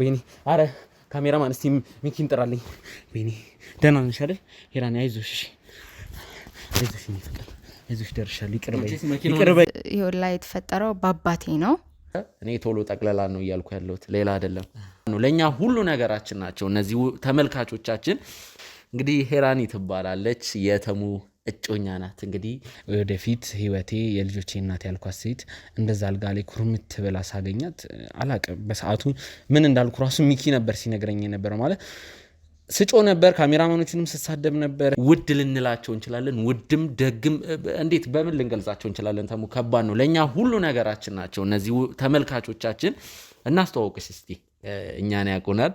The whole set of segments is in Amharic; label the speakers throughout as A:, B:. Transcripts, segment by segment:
A: ወይኔ አረ ካሜራማን እስቲ ሚኪን እንጥራለኝ። ወይኔ ደህና ነሽ አይደል? ሄራን አይዞሽ፣ አይዞሽ፣ ይፈጠር አይዞሽ፣ ደርሻለሁ። ይቅር በይ።
B: ይኸውላ የተፈጠረው በአባቴ ነው።
A: እኔ ቶሎ ጠቅለላ ነው እያልኩ ያለሁት ሌላ አይደለም። ለእኛ ሁሉ ነገራችን ናቸው እነዚህ ተመልካቾቻችን። እንግዲህ ሄራኒ ትባላለች የተሙ እጮኛ ናት። እንግዲህ ወደፊት ህይወቴ የልጆቼ እናት ያልኳት ሴት እንደዛ አልጋ ላይ ኩርምት ብላ ሳገኛት አላቅም። በሰዓቱ ምን እንዳልኩ ራሱ ሚኪ ነበር ሲነግረኝ የነበረው ማለት ስጮ ነበር። ካሜራማኖችንም ስሳደብ ነበር። ውድ ልንላቸው እንችላለን። ውድም ደግም እንዴት በምን ልንገልጻቸው እንችላለን? ተሙ ከባድ ነው። ለእኛ ሁሉ ነገራችን ናቸው እነዚህ ተመልካቾቻችን። እናስተዋውቅሽ እስቲ እኛን ያውቁናል።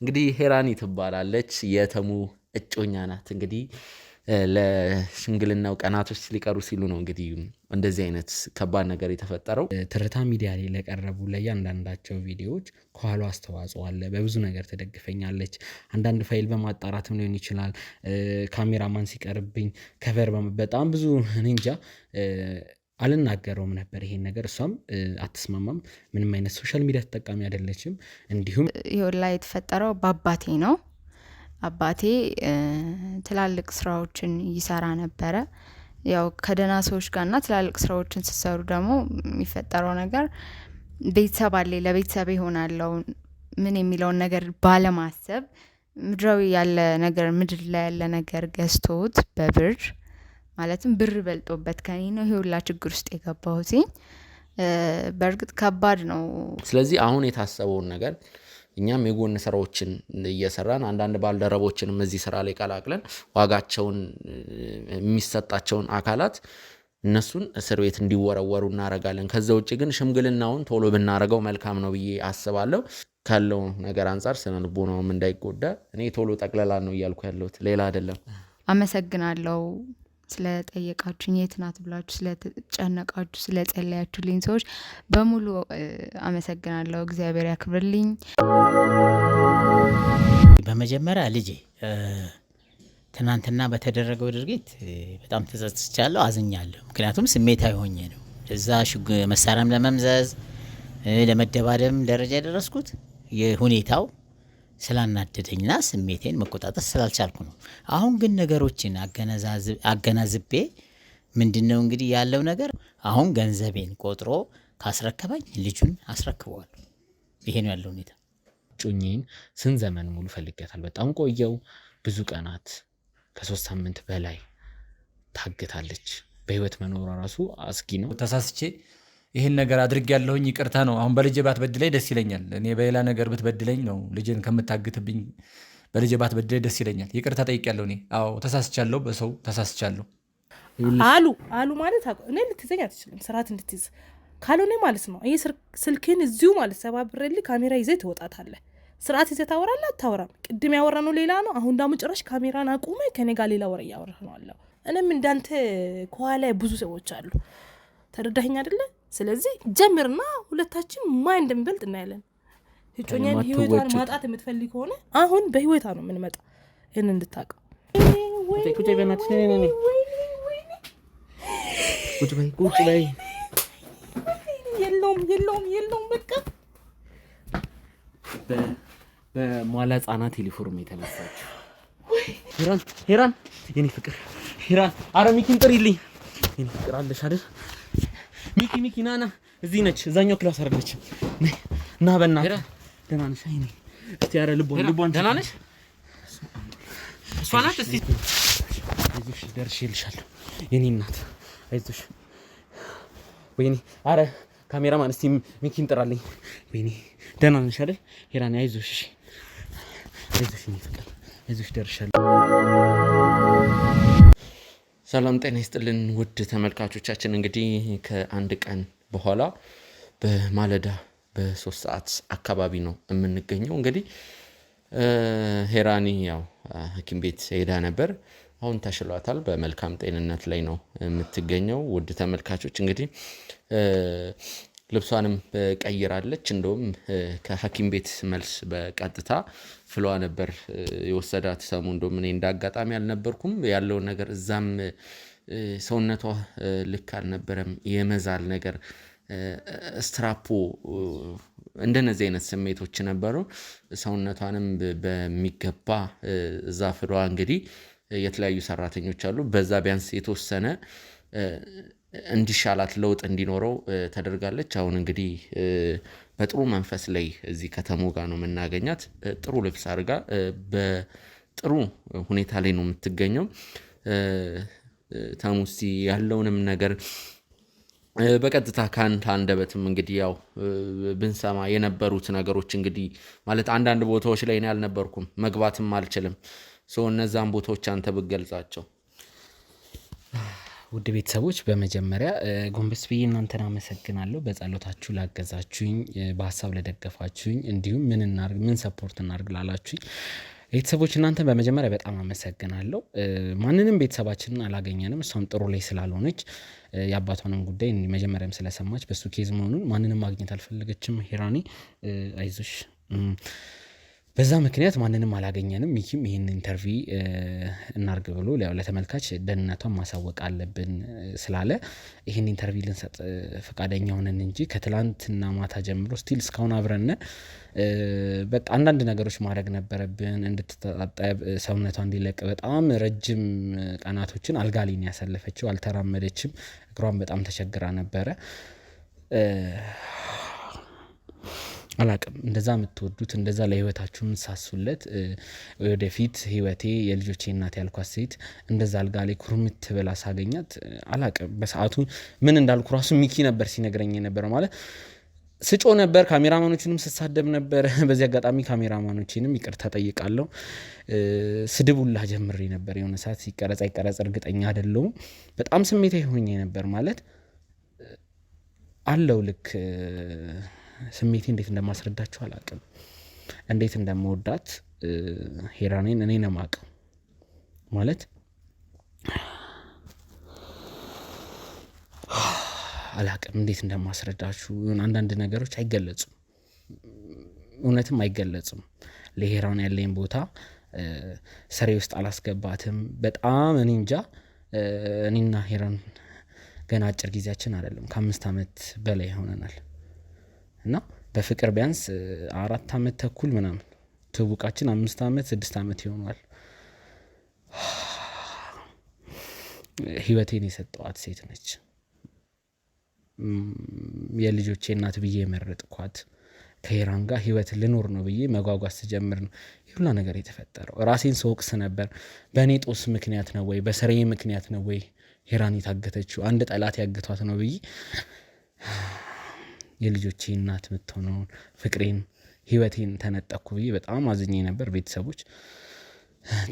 A: እንግዲህ ሄራኒ ትባላለች። የተሙ እጮኛ ናት እንግዲህ ለሽምግልናው ቀናቶች ሊቀሩ ሲሉ ነው እንግዲህ እንደዚህ አይነት ከባድ ነገር የተፈጠረው። ትርታ ሚዲያ ላይ ለቀረቡ ለእያንዳንዳቸው ቪዲዮዎች ከኋላ አስተዋጽኦ አለ። በብዙ ነገር ተደግፈኛለች አንዳንድ ፋይል በማጣራትም ሊሆን ይችላል። ካሜራማን ሲቀርብኝ ከቨር በጣም ብዙ እንጃ አልናገረውም ነበር ይሄን ነገር። እሷም አትስማማም። ምንም አይነት ሶሻል ሚዲያ ተጠቃሚ አይደለችም። እንዲሁም
B: ይኸውልህ ላይ የተፈጠረው በአባቴ ነው አባቴ ትላልቅ ስራዎችን ይሰራ ነበረ። ያው ከደህና ሰዎች ጋር ትላልቅ ስራዎችን ስሰሩ ደግሞ የሚፈጠረው ነገር ቤተሰብ አለኝ ለቤተሰብ ይሆናለው ምን የሚለውን ነገር ባለማሰብ ምድራዊ ያለ ነገር ምድር ላይ ያለ ነገር ገዝቶት በብር ማለትም ብር በልጦበት ከኔ ነው ይሄ ችግር ውስጥ የገባሁት በእርግጥ ከባድ ነው።
A: ስለዚህ አሁን የታሰበውን ነገር እኛም የጎን ስራዎችን እየሰራን አንዳንድ ባልደረቦችንም እዚህ ስራ ላይ ቀላቅለን ዋጋቸውን የሚሰጣቸውን አካላት እነሱን እስር ቤት እንዲወረወሩ እናደርጋለን። ከዛ ውጭ ግን ሽምግልናውን ቶሎ ብናደርገው መልካም ነው ብዬ አስባለሁ። ካለው ነገር አንጻር ስነ ልቦናውም እንዳይጎዳ እኔ ቶሎ ጠቅለላ ነው እያልኩ ያለሁት ሌላ አይደለም።
B: አመሰግናለሁ። ስለጠየቃችሁኝ የት ናት ብላችሁ ስለተጨነቃችሁ ስለጸለያችሁልኝ ሰዎች በሙሉ አመሰግናለሁ። እግዚአብሔር ያክብርልኝ።
A: በመጀመሪያ ልጄ ትናንትና በተደረገው ድርጊት በጣም ተጸጽቻለሁ፣ አዝኛለሁ። ምክንያቱም ስሜታዊ ሆኜ ነው እዛ መሳሪያም ለመምዘዝ ለመደባደብም ደረጃ የደረስኩት የሁኔታው ስላናደደኝና ስሜቴን መቆጣጠር ስላልቻልኩ ነው። አሁን ግን ነገሮችን አገናዝቤ ምንድን ነው እንግዲህ ያለው ነገር አሁን ገንዘቤን ቆጥሮ ካስረከበኝ ልጁን አስረክበዋል። ይሄ ነው ያለው ሁኔታ። ጩኝን ስንት ዘመን ሙሉ ፈልጌያታል። በጣም ቆየው። ብዙ ቀናት ከሶስት ሳምንት በላይ ታግታለች። በህይወት መኖሯ ራሱ አስጊ ነው። ተሳስቼ ይህን ነገር አድርግ ያለሁኝ ይቅርታ ነው። አሁን በልጄ ባትበድለኝ ደስ ይለኛል። እኔ በሌላ ነገር ብትበድለኝ ነው ልጄን ከምታግትብኝ፣ በልጄ ባትበድለኝ ደስ ይለኛል። ይቅርታ ጠይቄያለሁ እኔ። አዎ ተሳስቻለሁ፣ በሰው ተሳስቻለሁ
B: አሉ አሉ ማለት እኔ ልትይዘኝ አትችልም። ስርዓት እንድትይዝ ካልሆነ ማለት ነው። ይህ ስልክን እዚሁ ማለት ሰባብሬልህ ካሜራ ይዘህ ትወጣታለህ። ስርዓት ይዘህ ታወራለህ። አታወራም። ቅድም ያወራ ነው ሌላ ነው። አሁን ዳሙ ጭራሽ ካሜራን አቁመ ከኔ ጋር ሌላ ወሬ እያወራህ ነው አለው። እኔም እንዳንተ ከኋላ ብዙ ሰዎች አሉ። ተረዳኸኝ አይደለ? ስለዚህ ጀምርና ሁለታችን ማን እንደሚበልጥ እናያለን። እጮኛን ህይወቷን ማጣት የምትፈልግ ከሆነ አሁን በህይወቷ ነው የምንመጣ። ይህን እንድታውቀው የለውም የለውም የለውም በቃ
A: በሟላ ህጻናት ዩኒፎርም የተነሳችው ሄራን ሄራን የኔ ፍቅር ሄራን አረ ጥሪልኝ የኔ ፍቅር አለሽ አይደል ሚኪ ሚኪ ናና፣ ና፣ እዚህ ነች፣ እዛኛው ክላስ አረለች። ና በእናትህ ደህና ነሽ? አይ እስቲ ኧረ ልቦን ልቦን፣ ደህና ነሽ? እሷ ናት። እስቲ አይዞሽ፣ ደርሼልሻለሁ የኔ እናት፣ አይዞሽ። ወይኔ፣ አረ ካሜራማን እስቲ ሚኪ እንጥራለኝ። ወይኔ፣ ደህና ነሽ አይደል? ሄራኔ፣ አይዞሽ፣ አይዞሽ፣ እኔ ፍቅር፣ አይዞሽ፣ ደርሻለሁ ሰላም ጤና ይስጥልን ውድ ተመልካቾቻችን፣ እንግዲህ ከአንድ ቀን በኋላ በማለዳ በሶስት ሰዓት አካባቢ ነው የምንገኘው። እንግዲህ ሄራኒ ያው ሐኪም ቤት ሄዳ ነበር። አሁን ተሽሏታል፣ በመልካም ጤንነት ላይ ነው የምትገኘው። ውድ ተመልካቾች እንግዲህ ልብሷንም ቀይራለች። እንደውም ከሐኪም ቤት መልስ በቀጥታ ፍሏ ነበር የወሰዳት ሰሙ። እንደውም እኔ እንዳጋጣሚ አልነበርኩም። ያለውን ነገር እዛም ሰውነቷ ልክ አልነበረም፣ የመዛል ነገር ስትራፖ እንደነዚህ አይነት ስሜቶች ነበሩ። ሰውነቷንም በሚገባ እዛ ፍሏ እንግዲህ የተለያዩ ሰራተኞች አሉ። በዛ ቢያንስ የተወሰነ እንዲሻላት ለውጥ እንዲኖረው ተደርጋለች። አሁን እንግዲህ በጥሩ መንፈስ ላይ እዚህ ከተሞ ጋር ነው የምናገኛት። ጥሩ ልብስ አድርጋ በጥሩ ሁኔታ ላይ ነው የምትገኘው። ተሙሲ ያለውንም ነገር በቀጥታ ከአንድ አንደበትም እንግዲህ ያው ብንሰማ የነበሩት ነገሮች እንግዲህ ማለት አንዳንድ ቦታዎች ላይ ያልነበርኩም አልነበርኩም፣ መግባትም አልችልም። እነዛን ቦታዎች አንተ ብገልጻቸው ውድ ቤተሰቦች በመጀመሪያ ጎንበስ ብዬ እናንተን አመሰግናለሁ በጸሎታችሁ ላገዛችሁኝ በሀሳብ ለደገፋችሁኝ እንዲሁም ምን እናርግ ምን ሰፖርት እናርግ ላላችሁኝ ቤተሰቦች እናንተን በመጀመሪያ በጣም አመሰግናለሁ። ማንንም ቤተሰባችንን አላገኘንም። እሷም ጥሩ ላይ ስላልሆነች የአባቷንም ጉዳይ መጀመሪያም ስለሰማች በሱ ኬዝ መሆኑን ማንንም ማግኘት አልፈለገችም። ሄራኒ አይዞሽ በዛ ምክንያት ማንንም አላገኘንም። ይህም ይህን ኢንተርቪ እናርግ ብሎ ለተመልካች ደህንነቷን ማሳወቅ አለብን ስላለ ይህን ኢንተርቪ ልንሰጥ ፈቃደኛ ሆነን እንጂ ከትላንትና ማታ ጀምሮ ስቲል እስካሁን አብረን በቃ አንዳንድ ነገሮች ማድረግ ነበረብን፣ እንድትታጠብ ሰውነቷ እንዲለቅ። በጣም ረጅም ቀናቶችን አልጋ ላይ ያሳለፈችው። አልተራመደችም። እግሯን በጣም ተቸግራ ነበረ። አላቅም እንደዛ የምትወዱት እንደዛ ለህይወታችሁ የምትሳሱለት ወደፊት ህይወቴ የልጆቼ እናት ያልኳት ሴት እንደዛ አልጋ ላይ ኩርምት ብላ ሳገኛት አላቅም። በሰዓቱ ምን እንዳልኩ ራሱ ሚኪ ነበር ሲነግረኝ የነበረው ማለት ስጮ ነበር። ካሜራማኖችንም ስሳደብ ነበር። በዚህ አጋጣሚ ካሜራማኖችንም ይቅርታ ጠይቃለሁ። ስድቡላ ጀምሬ ነበር የሆነ ሰዓት ሲቀረጽ አይቀረጽ እርግጠኛ አይደለሁም። በጣም ስሜታዊ ሆኜ ነበር ማለት አለው ልክ ስሜቴ እንዴት እንደማስረዳችሁ አላቅም እንዴት እንደምወዳት ሄራኔን እኔ ነው የማውቀው ማለት አላቅም እንዴት እንደማስረዳችሁ አንዳንድ ነገሮች አይገለጹም፣ እውነትም አይገለጹም። ለሄራን ያለኝ ቦታ ስሬ ውስጥ አላስገባትም። በጣም እኔ እንጃ። እኔና ሄራን ገና አጭር ጊዜያችን አይደለም፣ ከአምስት ዓመት በላይ ሆነናል። እና በፍቅር ቢያንስ አራት አመት ተኩል ምናምን ትውቃችን አምስት አመት ስድስት አመት ይሆኗል። ህይወቴን የሰጠዋት ሴት ነች። የልጆቼ እናት ብዬ የመረጥኳት ከሄራን ጋር ህይወት ልኖር ነው ብዬ መጓጓዝ ስጀምር ነው ይሁላ ነገር የተፈጠረው። ራሴን ስወቅስ ነበር። በእኔ ጦስ ምክንያት ነው ወይ በስራዬ ምክንያት ነው ወይ ሄራን የታገተችው አንድ ጠላት ያግቷት ነው ብዬ የልጆቼ እናት የምትሆነውን ፍቅሬን፣ ህይወቴን ተነጠኩ ብዬ በጣም አዝኜ ነበር። ቤተሰቦች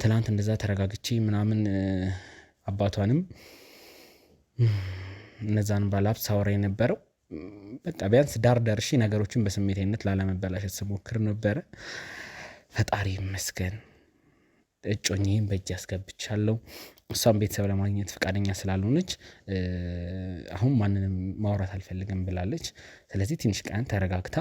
A: ትላንት እንደዛ ተረጋግቼ ምናምን አባቷንም እነዛን ባላብ ሳወራ የነበረው በቃ ቢያንስ ዳር ደርሺ ነገሮችን በስሜታዊነት ላለመበላሸት ስሞክር ነበረ። ፈጣሪ ይመስገን እጮኝም በእጅ አስገብቻለሁ። እሷም ቤተሰብ ለማግኘት ፈቃደኛ ስላልሆነች አሁን ማንንም ማውራት አልፈልግም ብላለች። ስለዚህ ትንሽ ቀን ተረጋግታ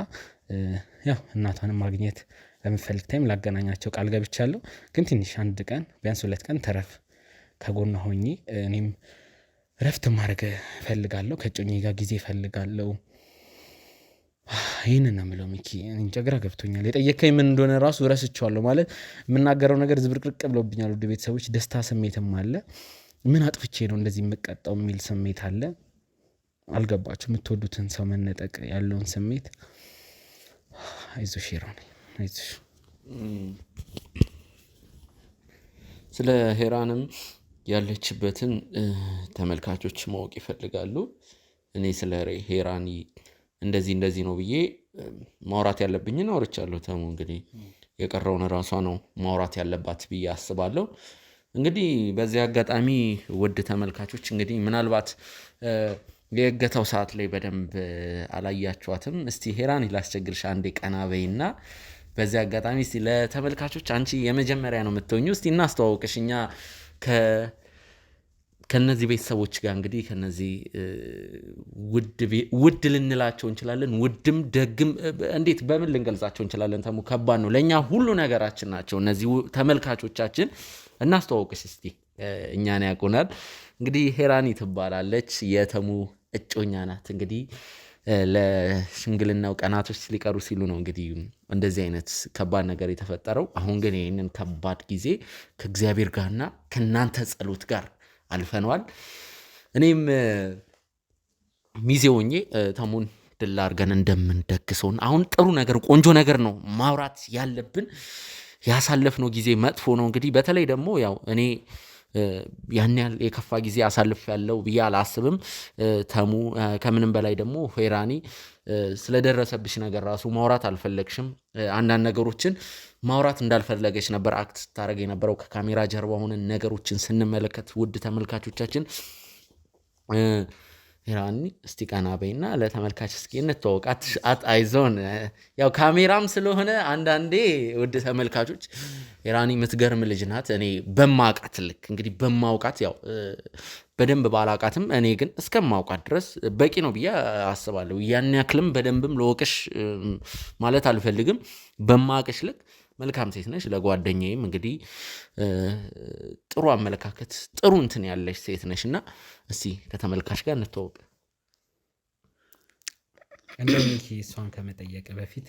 A: ያው እናቷንም ማግኘት በምፈልግ ታይም ላገናኛቸው ቃል ገብቻለሁ። ግን ትንሽ አንድ ቀን ቢያንስ ሁለት ቀን ተረፍ ከጎና ሆኜ እኔም ረፍት ማድረግ ፈልጋለሁ። ከጮኜ ጋር ጊዜ ፈልጋለው። ይህንን ነው የምለው። ሚኪ ጨግራ ገብቶኛል። የጠየከኝ ምን እንደሆነ ራሱ ረስቸዋለሁ ማለት የምናገረው ነገር ዝብርቅርቅ ብሎብኛል። ውድ ቤተሰቦች፣ ደስታ ስሜትም አለ። ምን አጥፍቼ ነው እንደዚህ የምቀጣው የሚል ስሜት አለ። አልገባችሁ? የምትወዱትን ሰው መነጠቅ ያለውን ስሜት። አይዞሽ ሄራን፣ አይዞ ስለ ሄራንም ያለችበትን ተመልካቾች ማወቅ ይፈልጋሉ። እኔ ስለ ሄራን እንደዚህ እንደዚህ ነው ብዬ ማውራት ያለብኝን አውርቻለሁ። ተሙ እንግዲህ የቀረውን ራሷ ነው ማውራት ያለባት ብዬ አስባለሁ። እንግዲህ በዚህ አጋጣሚ ውድ ተመልካቾች እንግዲህ ምናልባት የእገታው ሰዓት ላይ በደንብ አላያችኋትም። እስቲ ሄራን ላስቸግርሽ አንዴ ቀና በይና፣ በዚህ አጋጣሚ እስቲ ለተመልካቾች አንቺ የመጀመሪያ ነው የምትሆኙ። እስቲ እናስተዋወቅሽ እኛ ከነዚህ ቤተሰቦች ጋር እንግዲህ ከነዚህ ውድ ልንላቸው እንችላለን፣ ውድም ደግም እንዴት በምን ልንገልጻቸው እንችላለን? ተሙ ከባድ ነው ለእኛ ሁሉ ነገራችን ናቸው እነዚህ ተመልካቾቻችን። እናስተዋውቅሽ እስቲ እኛን ያውቁናል እንግዲህ ሄራኒ ትባላለች፣ የተሙ እጮኛ ናት። እንግዲህ ለሽምግልናው ቀናቶች ሊቀሩ ሲሉ ነው እንግዲህ እንደዚህ አይነት ከባድ ነገር የተፈጠረው። አሁን ግን ይህንን ከባድ ጊዜ ከእግዚአብሔር ጋርና ከእናንተ ጸሎት ጋር አልፈነዋል። እኔም ሚዜ ሆኜ ተሙን ድል አድርገን እንደምንደግሰውን አሁን ጥሩ ነገር ቆንጆ ነገር ነው ማውራት ያለብን። ያሳለፍነው ጊዜ መጥፎ ነው። እንግዲህ በተለይ ደግሞ ያው እኔ ያን ያህል የከፋ ጊዜ አሳልፍ ያለው ብዬ አላስብም። ተሙ ከምንም በላይ ደግሞ ሄራኒ ስለደረሰብሽ ነገር ራሱ ማውራት አልፈለግሽም። አንዳንድ ነገሮችን ማውራት እንዳልፈለገች ነበር አክት ስታደረግ የነበረው ከካሜራ ጀርባ ሆነን ነገሮችን ስንመለከት ውድ ተመልካቾቻችን ራኒ እስቲ ቀና በይና ለተመልካች እስኪ እንተዋወቅ። አይዞን ያው ካሜራም ስለሆነ አንዳንዴ ውድ ተመልካቾች ራኒ የምትገርም ልጅ ናት። እኔ በማውቃት ልክ እንግዲህ በማውቃት ያው በደንብ ባላውቃትም እኔ ግን እስከማውቃት ድረስ በቂ ነው ብዬ አስባለሁ። ያን ያክልም በደንብም ለወቅሽ ማለት አልፈልግም። በማውቅሽ ልክ መልካም ሴት ነች። ለጓደኛዬም እንግዲህ ጥሩ አመለካከት ጥሩ እንትን ያለች ሴት ነች እና እስቲ ከተመልካች ጋር እንተዋወቅ። እንደው ሚኪ እሷን ከመጠየቅ በፊት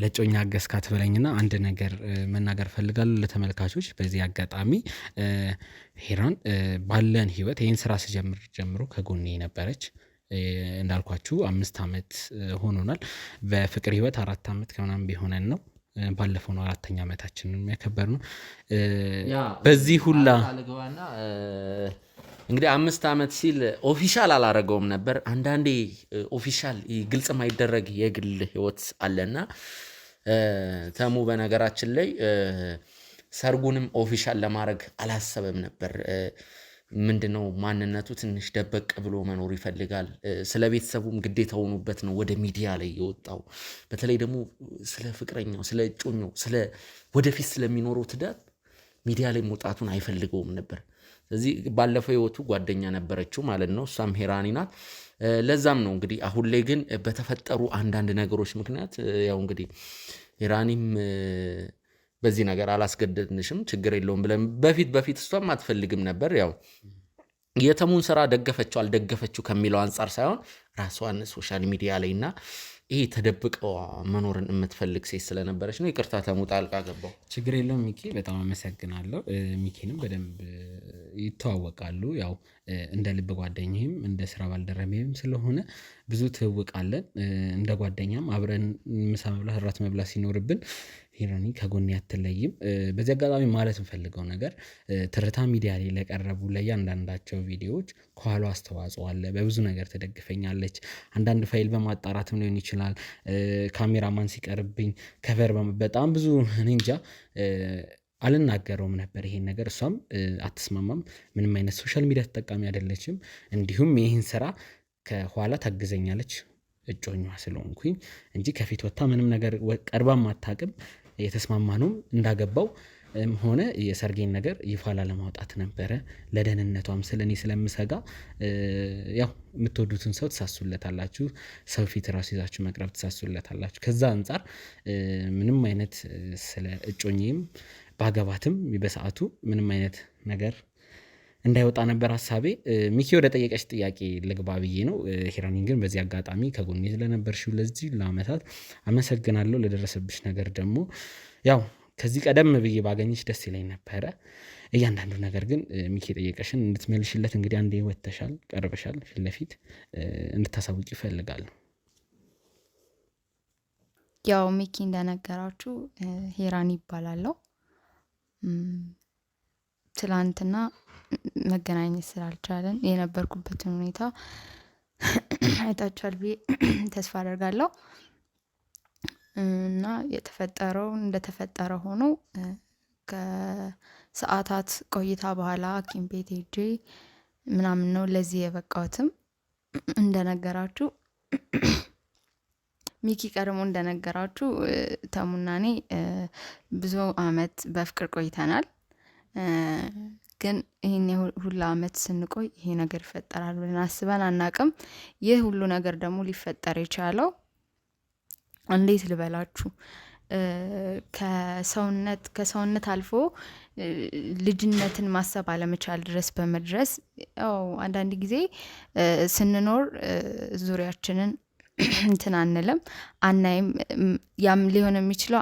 A: ለጮኛ አገዝካት ብለኝና አንድ ነገር መናገር ፈልጋለሁ ለተመልካቾች በዚህ አጋጣሚ ሄራን ባለን ህይወት ይህን ስራ ስጀምር ጀምሮ ከጎኔ ነበረች። እንዳልኳችሁ አምስት ዓመት ሆኖናል። በፍቅር ህይወት አራት ዓመት ከምናምን ቢሆነን ነው ባለፈው ነው አራተኛ ዓመታችንን የሚያከበር ነው። በዚህ ሁላ እንግዲህ አምስት ዓመት ሲል ኦፊሻል አላረገውም ነበር። አንዳንዴ ኦፊሻል ግልጽ ማይደረግ የግል ህይወት አለና ተሙ በነገራችን ላይ ሰርጉንም ኦፊሻል ለማድረግ አላሰበም ነበር። ምንድነው ማንነቱ ትንሽ ደበቅ ብሎ መኖር ይፈልጋል። ስለ ቤተሰቡም ግዴታ ሆኖበት ነው ወደ ሚዲያ ላይ የወጣው። በተለይ ደግሞ ስለ ፍቅረኛው፣ ስለ እጮኛው፣ ስለ ወደፊት ስለሚኖረው ትዳር ሚዲያ ላይ መውጣቱን አይፈልገውም ነበር። ስለዚህ ባለፈው ህይወቱ ጓደኛ ነበረችው ማለት ነው፣ እሷም ሄራኒ ናት። ለዛም ነው እንግዲህ አሁን ላይ ግን በተፈጠሩ አንዳንድ ነገሮች ምክንያት ያው እንግዲህ ሄራኒም በዚህ ነገር አላስገደድንሽም፣ ችግር የለውም ብለን በፊት በፊት እሷም አትፈልግም ነበር ያው የተሙን ስራ ደገፈችው አልደገፈችው ከሚለው አንጻር ሳይሆን ራሷን ሶሻል ሚዲያ ላይ እና ይሄ ተደብቀው መኖርን የምትፈልግ ሴት ስለነበረች ነው። ይቅርታ ተሙ ጣልቃ ገባው። ችግር የለውም ሚኪ፣ በጣም አመሰግናለሁ። ሚኪንም በደንብ ይተዋወቃሉ። ያው እንደ ልብ ጓደኛም እንደ ስራ ባልደረቤም ስለሆነ ብዙ ትውውቅ አለን። እንደ ጓደኛም አብረን ምሳ መብላት፣ እራት መብላት ሲኖርብን ሂሮኒ ከጎን አትለይም። በዚህ አጋጣሚ ማለት የምፈልገው ነገር ትርታ ሚዲያ ላይ ለቀረቡ ለእያንዳንዳቸው ቪዲዮዎች ከኋላ አስተዋጽኦ አለ። በብዙ ነገር ተደግፈኛለች አንዳንድ ፋይል በማጣራትም ሊሆን ይችላል። ካሜራማን ሲቀርብኝ ከቨር በጣም ብዙ እንጃ አልናገረውም ነበር ይሄን ነገር። እሷም አትስማማም። ምንም አይነት ሶሻል ሚዲያ ተጠቃሚ አይደለችም። እንዲሁም ይህን ስራ ከኋላ ታግዘኛለች እጮኛ ስለሆንኩኝ እንጂ ከፊት ወጥታ ምንም ነገር ቀርባ አታውቅም። የተስማማ ነው እንዳገባው ሆነ የሰርጌን ነገር ይፋ ላለማውጣት ነበረ። ለደህንነቷም ስለእኔ እኔ ስለምሰጋ ያው የምትወዱትን ሰው ትሳሱለታላችሁ፣ ሰው ፊት ራሱ ይዛችሁ መቅረብ ትሳሱለታላችሁ። ከዛ አንጻር ምንም አይነት ስለ እጮኝም ባገባትም በሰዓቱ ምንም አይነት ነገር እንዳይወጣ ነበር ሀሳቤ። ሚኪ ወደ ጠየቀች ጥያቄ ልግባ ብዬ ነው። ሄራኒን ግን በዚህ አጋጣሚ ከጎኔ ስለነበርሽው ለዚህ ለአመታት አመሰግናለሁ። ለደረሰብሽ ነገር ደግሞ ያው ከዚህ ቀደም ብዬ ባገኘች ደስ ይለኝ ነበረ። እያንዳንዱ ነገር ግን ሚኪ የጠየቀሽን እንድትመልሽለት እንግዲህ አንዴ ወተሻል፣ ቀርበሻል፣ ፊት ለፊት እንድታሳውቂ ይፈልጋሉ።
B: ያው ሚኪ እንደነገራችሁ ሄራኒ ይባላለው ትላንትና መገናኘት ስላልቻለን የነበርኩበትን ሁኔታ አይታችኋል ብዬ ተስፋ አደርጋለሁ እና የተፈጠረው እንደተፈጠረ ሆኖ ከሰዓታት ቆይታ በኋላ ሐኪም ቤት ሄጄ ምናምን ነው ለዚህ የበቃሁትም እንደነገራችሁ ሚኪ ቀድሞ እንደነገራችሁ ተሙና እኔ ብዙ አመት በፍቅር ቆይተናል። ግን ይህን ሁላ አመት ስንቆይ ይሄ ነገር ይፈጠራል ብለን አስበን አናቅም። ይህ ሁሉ ነገር ደግሞ ሊፈጠር የቻለው እንዴት ልበላችሁ ከሰውነት ከሰውነት አልፎ ልጅነትን ማሰብ አለመቻል ድረስ በመድረስ ያው አንዳንድ ጊዜ ስንኖር ዙሪያችንን እንትን አንልም አናይም። ያም ሊሆን የሚችለው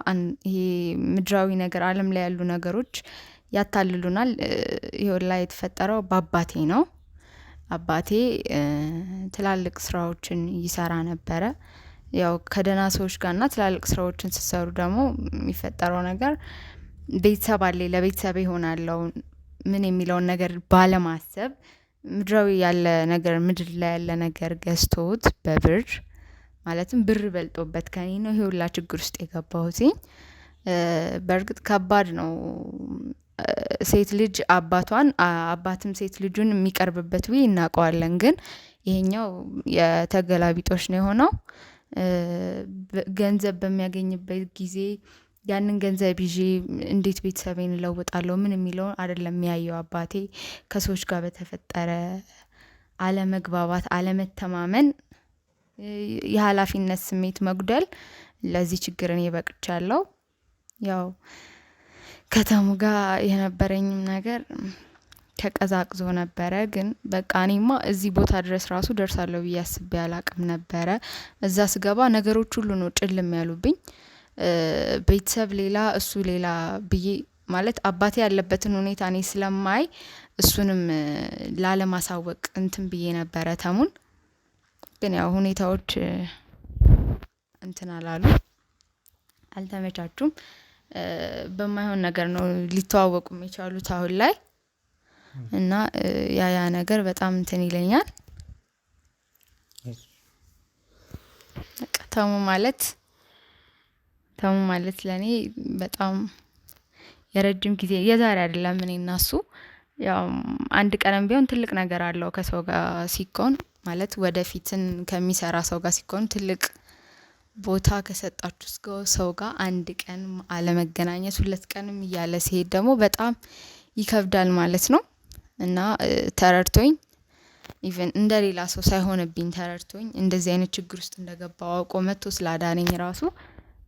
B: ይሄ ምድራዊ ነገር አለም ላይ ያሉ ነገሮች ያታልሉናል። ይሁን ላይ የተፈጠረው በአባቴ ነው። አባቴ ትላልቅ ስራዎችን ይሰራ ነበረ። ያው ከደህና ሰዎች ጋርና ትላልቅ ስራዎችን ስሰሩ ደግሞ የሚፈጠረው ነገር ቤተሰብ አለ ለቤተሰብ ይሆናለው ምን የሚለውን ነገር ባለማሰብ ምድራዊ ያለ ነገር ምድር ላይ ያለ ነገር ገዝቶት በብር ማለትም ብር በልጦበት ከኔ ነው ይሄ ሁላ ችግር ውስጥ የገባሁት። በእርግጥ ከባድ ነው ሴት ልጅ አባቷን አባትም ሴት ልጁን የሚቀርብበት ብዬ እናውቀዋለን። ግን ይሄኛው የተገላቢጦሽ ነው የሆነው። ገንዘብ በሚያገኝበት ጊዜ ያንን ገንዘብ ይዤ እንዴት ቤተሰቤን እለውጣለሁ ምን የሚለውን አይደለም የሚያየው። አባቴ ከሰዎች ጋር በተፈጠረ አለመግባባት፣ አለመተማመን፣ የኃላፊነት ስሜት መጉደል ለዚህ ችግር እኔ በቅቻለሁ። ያው ከተሙ ጋር የነበረኝም ነገር ተቀዛቅዞ ነበረ። ግን በቃ እኔማ እዚህ ቦታ ድረስ ራሱ ደርሳለሁ ብዬ አስቤ አላቅም ነበረ። እዛ ስገባ ነገሮች ሁሉ ነው ጭልም ያሉብኝ። ቤተሰብ ሌላ፣ እሱ ሌላ ብዬ ማለት አባቴ ያለበትን ሁኔታ እኔ ስለማይ እሱንም ላለማሳወቅ እንትን ብዬ ነበረ ተሙን። ግን ያው ሁኔታዎች እንትን አላሉ፣ አልተመቻቹም። በማይሆን ነገር ነው ሊተዋወቁም የቻሉት አሁን ላይ እና ያ ያ ነገር በጣም እንትን ይለኛል። ተሙ ማለት ተሙ ማለት ለእኔ በጣም የረጅም ጊዜ የዛሬ አይደለም። እኔ እና እሱ ያው አንድ ቀንም ቢሆን ትልቅ ነገር አለው ከሰው ጋር ሲኮን ማለት ወደፊትን ከሚሰራ ሰው ጋር ሲኮን ትልቅ ቦታ ከሰጣችሁ ሰው ጋር አንድ ቀን አለመገናኘት ሁለት ቀንም እያለ ሲሄድ ደግሞ በጣም ይከብዳል ማለት ነው። እና ተረድቶኝ ኢቨን እንደ ሌላ ሰው ሳይሆንብኝ ተረድቶኝ እንደዚህ አይነት ችግር ውስጥ እንደገባ አውቆ መጥቶ ስላዳነኝ ራሱ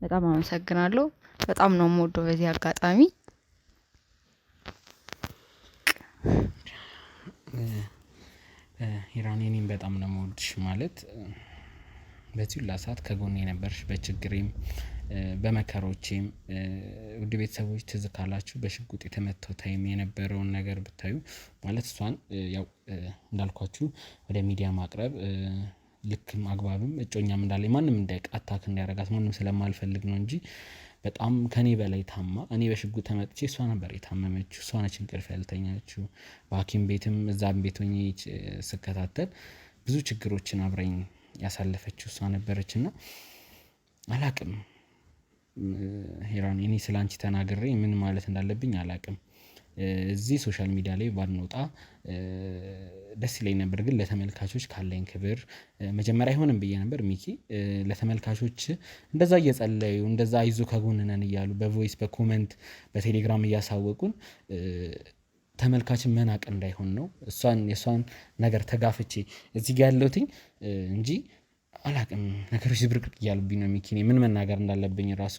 B: በጣም አመሰግናለሁ። በጣም ነው ሞዶ በዚህ አጋጣሚ።
A: ኢራኔ እኔም በጣም ነው የምወድሽ ማለት በዚህ ሁላ ሰዓት ከጎን የነበርሽ በችግሬም በመከሮቼም ውድ ቤተሰቦች ትዝ ካላችሁ በሽጉጥ የተመታው ታይም የነበረውን ነገር ብታዩ ማለት እሷን ያው እንዳልኳችሁ ወደ ሚዲያ ማቅረብ ልክም አግባብም እጮኛም እንዳለ ማንም እንደ አታክ እንዲያረጋት ማንም ስለማልፈልግ ነው እንጂ በጣም ከኔ በላይ ታማ እኔ በሽጉጥ ተመጥቼ እሷ ነበር የታመመችው። እሷ ነች እንቅልፍ ያልተኛችው። በሐኪም ቤትም እዛም ቤት ሆኜ ስከታተል ብዙ ችግሮችን አብረኝ ያሳለፈችው እሷ ነበረች እና አላቅም ሄራን እኔ ስለ አንቺ ተናግሬ ምን ማለት እንዳለብኝ አላቅም። እዚህ ሶሻል ሚዲያ ላይ ባንወጣ ደስ ይለኝ ነበር፣ ግን ለተመልካቾች ካለኝ ክብር መጀመሪያ አይሆንም ብዬ ነበር። ሚኪ ለተመልካቾች እንደዛ እየጸለዩ እንደዛ አይዞ ከጎንነን እያሉ በቮይስ በኮመንት በቴሌግራም እያሳወቁን ተመልካች መናቅ እንዳይሆን ነው። እሷን የእሷን ነገር ተጋፍቼ እዚህ ጋ ያለሁትኝ እንጂ አላቅም። ነገሮች ዝብርቅርቅ እያሉብኝ ነው። ሚኪ ምን መናገር እንዳለብኝ ራሱ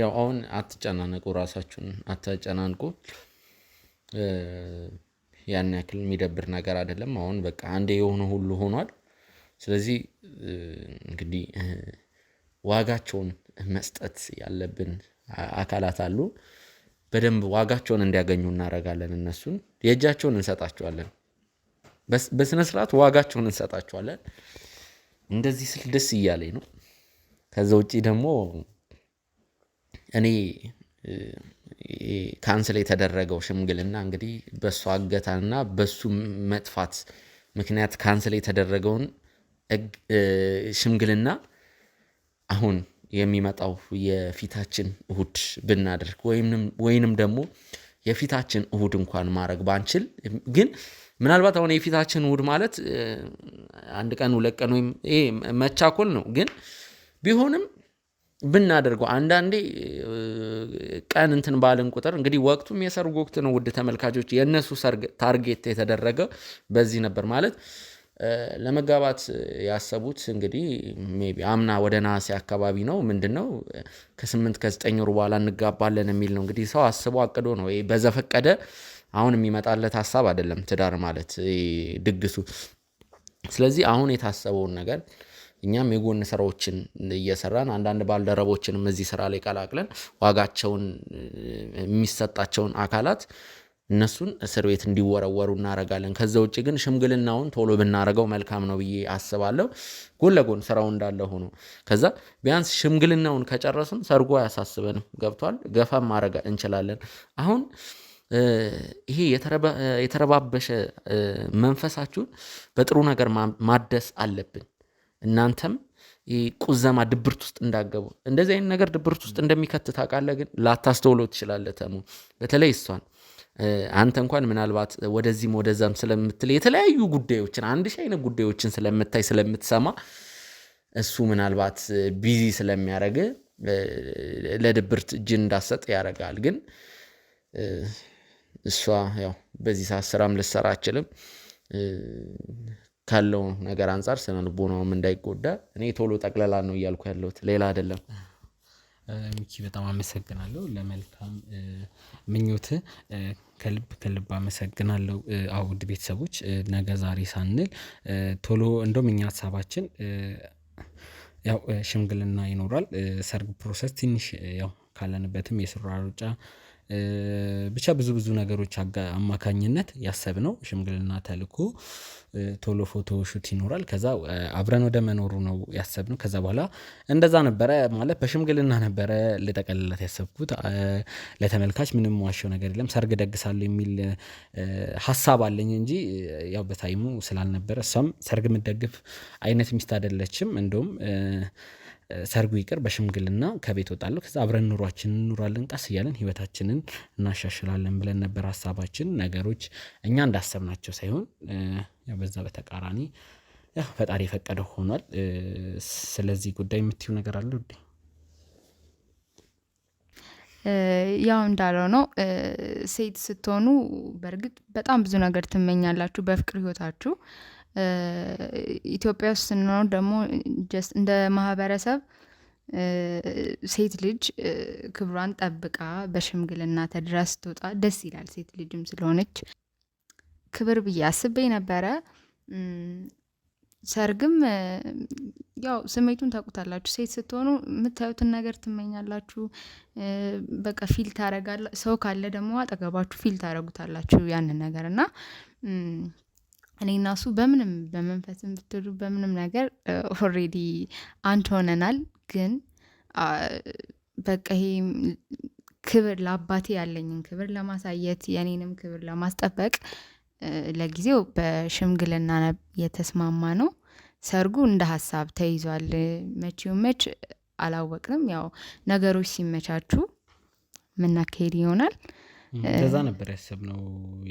A: ያው አሁን አትጨናነቁ፣ ራሳችሁን አታጨናንቁ። ያን ያክል የሚደብር ነገር አይደለም። አሁን በቃ አንዴ የሆነ ሁሉ ሆኗል። ስለዚህ እንግዲህ ዋጋቸውን መስጠት ያለብን አካላት አሉ። በደንብ ዋጋቸውን እንዲያገኙ እናደርጋለን። እነሱን የእጃቸውን እንሰጣቸዋለን። በስነስርዓት ዋጋቸውን እንሰጣቸዋለን። እንደዚህ ስል ደስ እያለኝ ነው። ከዛ ውጭ ደግሞ እኔ ካንስል የተደረገው ሽምግልና እንግዲህ በሱ አገታና በሱ መጥፋት ምክንያት ካንስል የተደረገውን ሽምግልና አሁን የሚመጣው የፊታችን እሁድ ብናደርግ ወይንም ደግሞ የፊታችን እሁድ እንኳን ማድረግ ባንችል ግን ምናልባት አሁን የፊታችን እሁድ ማለት አንድ ቀን ሁለት ቀን ወይም ይሄ መቻኮል ነው። ግን ቢሆንም ብናደርገው አንዳንዴ ቀን እንትን ባልን ቁጥር እንግዲህ ወቅቱም የሰርግ ወቅት ነው። ውድ ተመልካቾች የእነሱ ሰርግ ታርጌት የተደረገ በዚህ ነበር ማለት ለመጋባት ያሰቡት እንግዲህ ቢ አምና ወደ ነሐሴ አካባቢ ነው። ምንድን ነው ከስምንት ከዘጠኝ ወር በኋላ እንጋባለን የሚል ነው። እንግዲህ ሰው አስቦ አቅዶ ነው። በዘፈቀደ አሁን የሚመጣለት ሀሳብ አይደለም ትዳር ማለት ድግሱ። ስለዚህ አሁን የታሰበውን ነገር እኛም የጎን ስራዎችን እየሰራን አንዳንድ ባልደረቦችንም እዚህ ስራ ላይ ቀላቅለን ዋጋቸውን የሚሰጣቸውን አካላት እነሱን እስር ቤት እንዲወረወሩ እናረጋለን። ከዛ ውጭ ግን ሽምግልናውን ቶሎ ብናደርገው መልካም ነው ብዬ አስባለሁ። ጎን ለጎን ስራው እንዳለ ሆኖ ከዛ ቢያንስ ሽምግልናውን ከጨረስን ሰርጎ አያሳስበንም። ገብቷል። ገፋም ማድረግ እንችላለን። አሁን ይሄ የተረባበሸ መንፈሳችሁን በጥሩ ነገር ማደስ አለብን። እናንተም ቁዘማ ድብርት ውስጥ እንዳገቡ እንደዚህ አይነት ነገር ድብርት ውስጥ እንደሚከት ታውቃለህ። ግን ላታስተውሎ ትችላለህ። ተሙ በተለይ እሷን አንተ እንኳን ምናልባት ወደዚህም ወደዛም ስለምትል የተለያዩ ጉዳዮችን አንድ ሺህ አይነት ጉዳዮችን ስለምታይ ስለምትሰማ እሱ ምናልባት ቢዚ ስለሚያደርግ ለድብርት እጅ እንዳሰጥ ያደርጋል። ግን እሷ ያው በዚህ ሰዓት ስራም ልሰራ አችልም ካለው ነገር አንጻር ስነ እንዳይጎዳ እኔ ቶሎ ጠቅለላ ነው እያልኩ ያለሁት ሌላ አይደለም። ሚኪ በጣም አመሰግናለሁ ለመልካም ምኞት ከልብ ከልብ አመሰግናለሁ። አውድ ቤተሰቦች ነገ ዛሬ ሳንል ቶሎ እንደውም እኛ ሀሳባችን ያው ሽምግልና ይኖራል ሰርግ ፕሮሰስ ትንሽ ያው ካለንበትም የስራ ሩጫ ብቻ ብዙ ብዙ ነገሮች አማካኝነት ያሰብ ነው። ሽምግልና ተልኮ ቶሎ ፎቶ ሹት ይኖራል። ከዛ አብረን ወደ መኖሩ ነው ነው። ከዛ በኋላ እንደዛ ነበረ ማለት በሽምግልና ነበረ ልጠቀልላት ያሰብኩት። ለተመልካች ምንም ዋሸው ነገር የለም። ሰርግ ደግሳለሁ የሚል ሀሳብ አለኝ እንጂ ያው በታይሙ ስላልነበረ እሷም ሰርግ ምደግፍ አይነት ሚስት አይደለችም። እንደውም ሰርጉ ይቅር በሽምግልና ከቤት እወጣለሁ ከዛ አብረን ኑሯችን እንኑራለን ቀስ እያለን ህይወታችንን እናሻሽላለን ብለን ነበር ሀሳባችን ነገሮች እኛ እንዳሰብናቸው ሳይሆን በዛ በተቃራኒ ፈጣሪ የፈቀደው ሆኗል። ስለዚህ ጉዳይ የምትዩ ነገር አለ
B: ያው እንዳለው ነው። ሴት ስትሆኑ በእርግጥ በጣም ብዙ ነገር ትመኛላችሁ በፍቅር ህይወታችሁ ኢትዮጵያ ውስጥ ስንኖር ደግሞ እንደ ማህበረሰብ ሴት ልጅ ክብሯን ጠብቃ በሽምግልና ተድራ ስትወጣ ደስ ይላል። ሴት ልጅም ስለሆነች ክብር ብዬ አስቤ ነበረ። ሰርግም ያው ስሜቱን ታውቁታላችሁ። ሴት ስትሆኑ የምታዩትን ነገር ትመኛላችሁ። በቃ ፊል ታረጋላ። ሰው ካለ ደግሞ አጠገባችሁ ፊል ታረጉታላችሁ ያንን ነገር እና እኔ እና እሱ በምንም በመንፈስም ብትሉ በምንም ነገር ኦልሬዲ አንድ ሆነናል። ግን በቃ ይሄ ክብር ለአባቴ ያለኝን ክብር ለማሳየት የኔንም ክብር ለማስጠበቅ ለጊዜው በሽምግልና የተስማማ ነው። ሰርጉ እንደ ሀሳብ ተይዟል። መቼው መች አላወቅንም። ያው ነገሮች ሲመቻቹ ምናካሄድ ይሆናል።
A: እንደዛ ነበር ያሰብነው።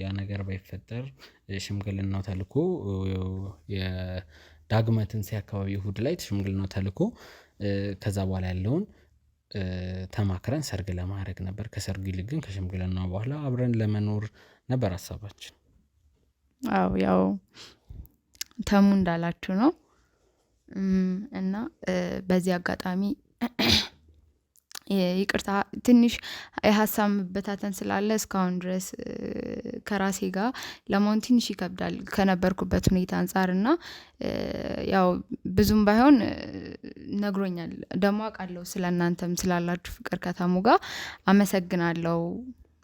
A: ያ ነገር ባይፈጠር ሽምግልናው ተልኮ የዳግመ ትንሣኤ አካባቢ እሁድ ላይ ሽምግልናው ተልኮ ከዛ በኋላ ያለውን ተማክረን ሰርግ ለማድረግ ነበር። ከሰርግ ይልቅ ግን ከሽምግልናው በኋላ አብረን ለመኖር ነበር ሀሳባችን።
B: አዎ ያው ተሙ እንዳላችሁ ነው እና በዚህ አጋጣሚ ይቅርታ ትንሽ የሀሳብ መበታተን ስላለ እስካሁን ድረስ ከራሴ ጋር ለመሆን ትንሽ ይከብዳል ከነበርኩበት ሁኔታ አንጻር እና ያው ብዙም ባይሆን ነግሮኛል። ደግሞ አውቃለሁ ስለ እናንተም ስላላችሁ ፍቅር ከተሙ ጋር አመሰግናለሁ።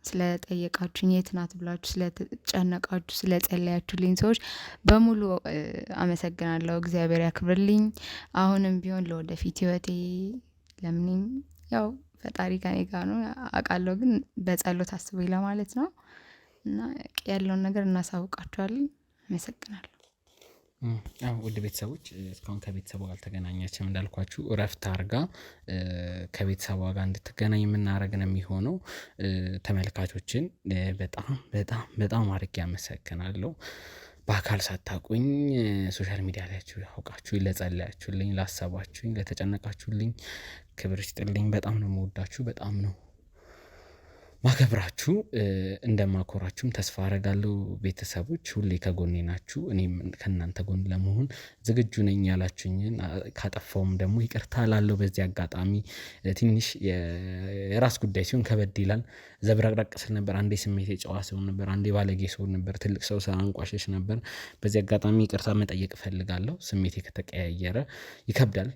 B: ስለጠየቃችሁኝ የት ናት ብላችሁ ስለተጨነቃችሁ ስለጸለያችሁልኝ ሰዎች በሙሉ አመሰግናለሁ። እግዚአብሔር ያክብርልኝ። አሁንም ቢሆን ለወደፊት ህይወቴ ለምንኝ ያው ፈጣሪ ከኔ ጋር ነው አውቃለሁ፣ ግን በጸሎት አስበኝ ለማለት ነው። እና ያለውን ነገር እናሳውቃቸዋለን። አመሰግናለሁ።
A: ውድ ቤተሰቦች እስካሁን ጋር አልተገናኘችም እንዳልኳችሁ እረፍት አርጋ ከቤተሰቡ ጋር እንድትገናኝ የምናደርግ ነው የሚሆነው። ተመልካቾችን በጣም በጣም በጣም አድርጌ አመሰግናለሁ። በአካል ሳታቁኝ ሶሻል ሚዲያ ላይ አውቃችሁ ለጸለያችሁልኝ፣ ላሰባችሁኝ፣ ለተጨነቃችሁልኝ ክብር ይስጥልኝ። በጣም ነው መወዳችሁ፣ በጣም ነው ማከብራችሁ እንደማኮራችሁም ተስፋ አረጋለሁ። ቤተሰቦች ሁሌ ከጎኔ ናችሁ፣ እኔም ከእናንተ ጎን ለመሆን ዝግጁ ነኝ። ያላችሁኝን ካጠፋውም ደግሞ ይቅርታ ላለው በዚህ አጋጣሚ ትንሽ የራስ ጉዳይ ሲሆን ከበድ ይላል። ዘብረቅረቅ ስል ነበር። አንዴ ስሜት የጨዋ ሰው ነበር፣ አንዴ ባለጌ ሰው ነበር፣ ትልቅ ሰው አንቋሸሽ ነበር። በዚህ አጋጣሚ ይቅርታ መጠየቅ እፈልጋለሁ። ስሜቴ ከተቀያየረ ይከብዳል።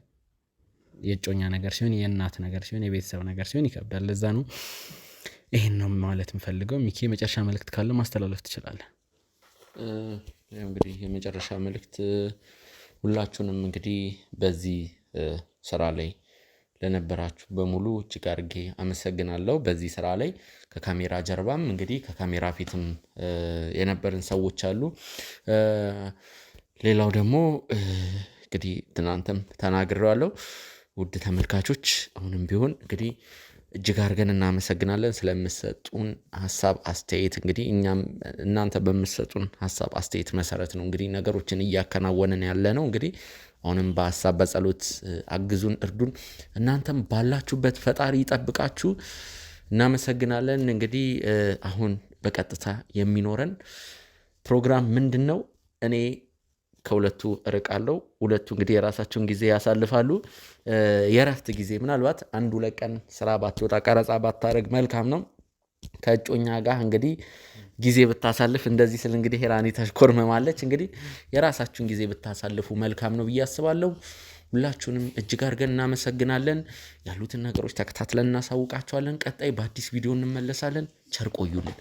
A: የእጮኛ ነገር ሲሆን፣ የእናት ነገር ሲሆን፣ የቤተሰብ ነገር ሲሆን ይከብዳል። ለዛ ነው ይህን ነው ማለት የምፈልገው። ሚኪ የመጨረሻ መልእክት ካለ ማስተላለፍ ትችላለህ። እንግዲህ የመጨረሻ መልእክት ሁላችሁንም እንግዲህ በዚህ ስራ ላይ ለነበራችሁ በሙሉ እጅግ አድርጌ አመሰግናለሁ። በዚህ ስራ ላይ ከካሜራ ጀርባም እንግዲህ ከካሜራ ፊትም የነበርን ሰዎች አሉ። ሌላው ደግሞ እንግዲህ ትናንትም ተናግሬዋለሁ። ውድ ተመልካቾች አሁንም ቢሆን እንግዲህ እጅግ አድርገን እናመሰግናለን ስለምሰጡን ሀሳብ አስተያየት። እንግዲህ እኛም እናንተ በምሰጡን ሀሳብ አስተያየት መሰረት ነው እንግዲህ ነገሮችን እያከናወንን ያለ ነው። እንግዲህ አሁንም በሀሳብ በጸሎት አግዙን፣ እርዱን። እናንተም ባላችሁበት ፈጣሪ ይጠብቃችሁ። እናመሰግናለን። እንግዲህ አሁን በቀጥታ የሚኖረን ፕሮግራም ምንድን ነው? እኔ ከሁለቱ እርቃለሁ። ሁለቱ እንግዲህ የራሳቸውን ጊዜ ያሳልፋሉ። የእረፍት ጊዜ ምናልባት አንድ ሁለት ቀን ስራ ባትወጣ ቀረጻ ባታደርግ መልካም ነው። ከእጮኛ ጋር እንግዲህ ጊዜ ብታሳልፍ እንደዚህ ስል እንግዲህ ሄራኒ ተሽኮርመማለች። እንግዲህ የራሳችሁን ጊዜ ብታሳልፉ መልካም ነው ብዬ አስባለሁ። ሁላችሁንም እጅግ አድርገን እናመሰግናለን። ያሉትን ነገሮች ተከታትለን እናሳውቃቸዋለን። ቀጣይ በአዲስ ቪዲዮ እንመለሳለን። ቸር ቆዩልን።